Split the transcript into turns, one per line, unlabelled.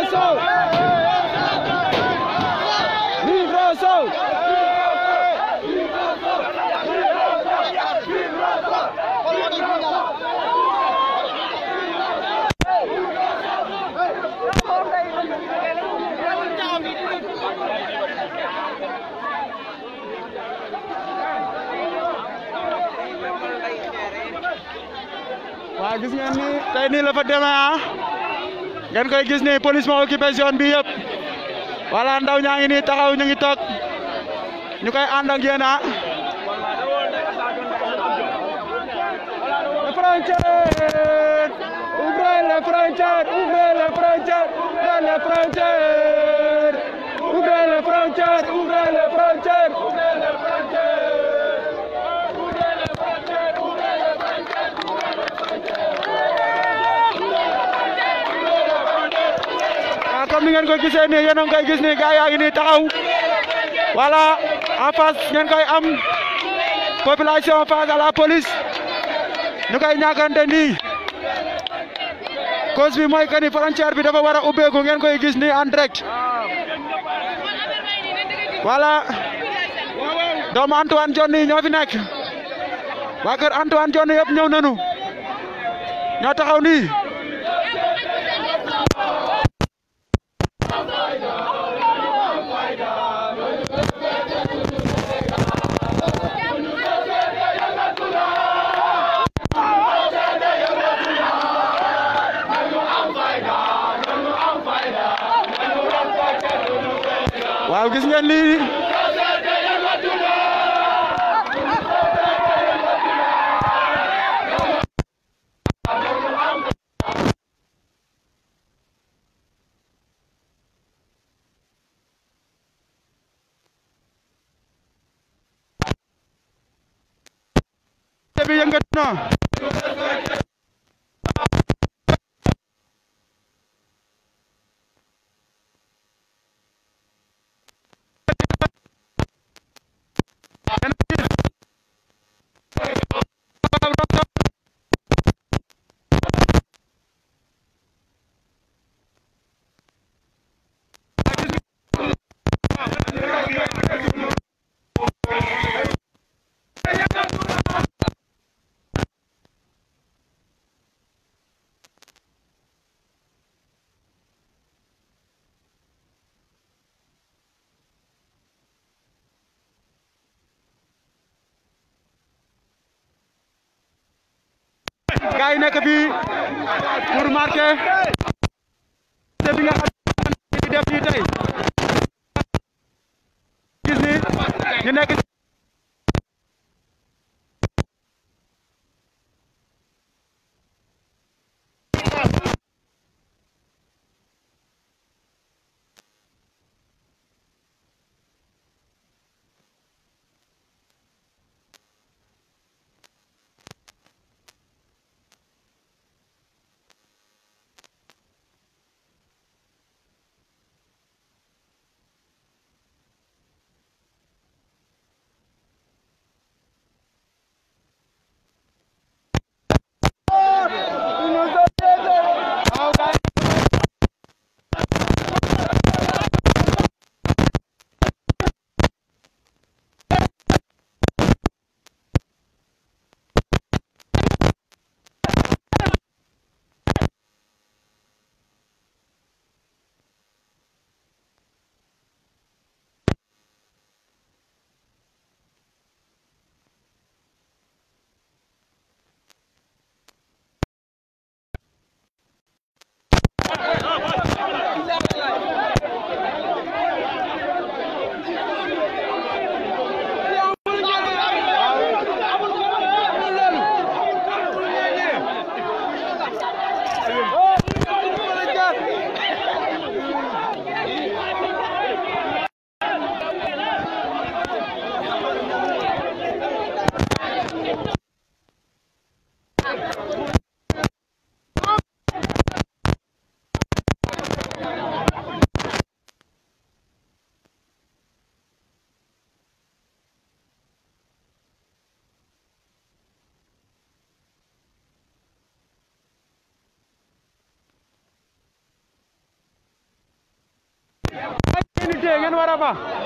Liberação!
Liberação! Wah, ini ngeen ni tey ngeen koy gis ni police mo occupé zone bi yëpp wala ndaw ñaa ni taxaw ñu ngi toog ñu koy ak yena ouvrez ouvrez Ya, comme ni ngeen koy gisee nii yéen a ngi koy gis tahu. gars yaa ngi nii am population face à la police ñu koy Dani. nii cause bi mooy que ni frontière bi dafa war a ubbeeku ngeen koy gis nii en direct voilà doomu Antoine Diome yi ñoo fi nekk waa kër Antoine yëpp ñëw i gis ngeen lii bi yëngatu gars yi nekk fii pour marquer bi nga xam ne def nii tey
gis ni ñu nekk 아, 예. ಅದೇನು ವರಪ್ಪ